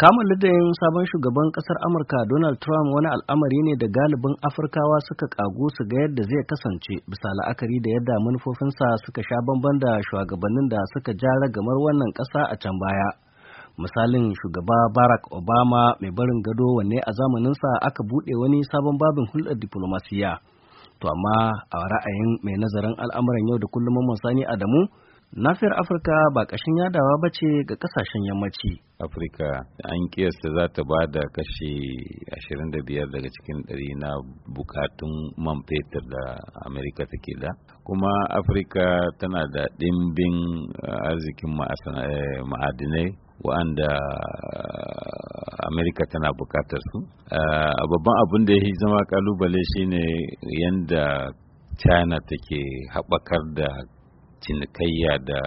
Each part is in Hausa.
Kama ladayin sabon shugaban ƙasar Amurka Donald Trump wani al'amari ne da galibin Afirkawa suka kagu su ga yadda zai kasance bisa la'akari da yadda manufofinsa suka sha bamban da shugabannin da suka ja ragamar wannan ƙasa a can baya. Misalin shugaba Barack Obama mai barin gado wanne a zamaninsa aka buɗe wani sabon babin hulɗar diplomasiya, To amma a ra'ayin mai nazarin al'amuran yau da kullum Sani Adamu Nafiyar Afirka ba ƙashin yadawa ba ce ga ƙasashen yammaci. Afirka an kiyasta za ta ba da kashe 25 daga cikin ɗari na bukatun man fetur da Amerika take da. Kuma Afirka tana da ɗimbin eh, arzikin eh, ma'adinai wa'anda eh, amerika tana bukatar su a babban abin da ya yi zama kalubale shine yadda china take haɓakar da cinikayya da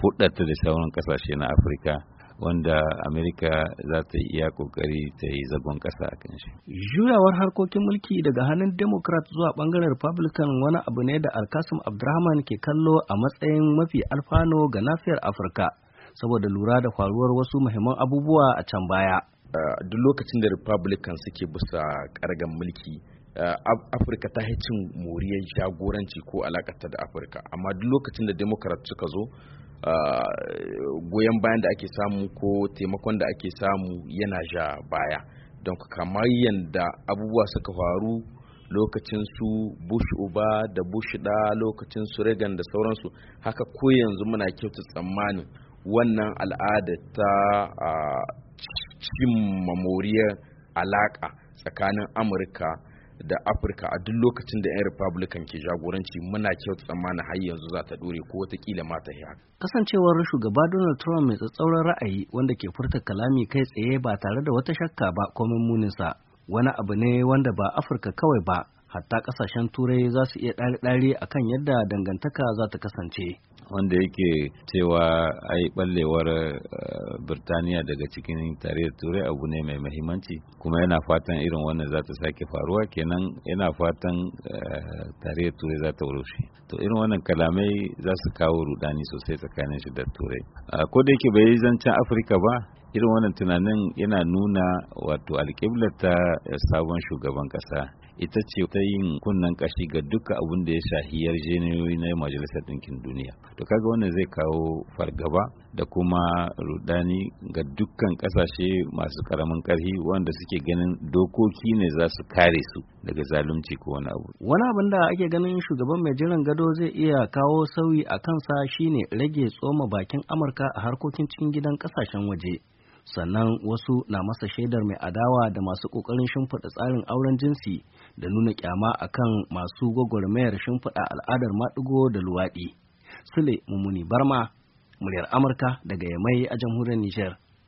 hudata da sauran kasashe na afirka wanda amerika za ta iya kokari ta yi zagon kasa a kan shi juyawar harkokin mulki daga hannun democrat zuwa bangaren republican wani abu ne da alkasim abdurrahman ke kallo a matsayin mafi alfano ga nafiyar afirka saboda lura da faruwar wasu muhimman abubuwa a can baya duk lokacin da republican suke bisa kargan mulki Eh, afirka ta cin moriyar jagoranci ko alakata da afirka amma duk lokacin da democrat suka zo eh, goyon bayan da ake samu ko taimakon da ake samu yana ja baya don kamar yadda abubuwa suka faru lokacin su bush uba da bush da lokacin su reagan da sauransu haka ko yanzu muna kyauta tsammanin wannan al'ada ta ah, cin moriyar alaka tsakanin amurka da afirka a duk lokacin da 'yan republican ke jagoranci muna kyau tsammanin har yanzu za ta dore ko watakila ma ta haka kasancewar shugaba donald trump mai tsatsauran ra'ayi wanda ke furta kalami kai tsaye ba tare da wata shakka ba ko muninsa wani abu ne wanda ba afirka kawai ba hatta kasashen turai za su iya ɗari-ɗari akan yadda dangantaka za ta kasance wanda yake cewa a yi ɓallewar eh, birtaniya daga cikin tarayyar turai abu ne mai mahimmanci kuma yana fatan irin wannan za ta sake faruwa kenan yana fatan eh, tarayyar turai za ta rushe to irin wannan kalamai za su kawo rudani sosai tsakanin shi da turai ko da yake bai yi zancen afirka ba irin wannan tunanin yana nuna wato alƙiblar ta eh, sabon shugaban ƙasa ita ce ta yin kunnen kashi ga duka abin da ya shahi yarjejeniyoyi na majalisar ɗinkin duniya to kaga wannan zai kawo fargaba da kuma rudani ga dukkan kasashe masu karamin ƙarfi wanda suke ganin dokoki ne za su kare su daga zalunci ko wani abu wani abin da ake ganin shugaban mai jiran gado zai iya kawo sauyi a kansa shine rage tsoma bakin amurka a harkokin cikin gidan kasashen waje sannan wasu na masa shaidar mai adawa da masu ƙoƙarin shimfiɗa tsarin auren jinsi da nuna kyama kan masu gwagwarmayar shimfiɗa al'adar maɗigo da luwaɗi. Sule Mumuni Barma, muryar Amurka daga Yamai a jamhuriyar Nijar.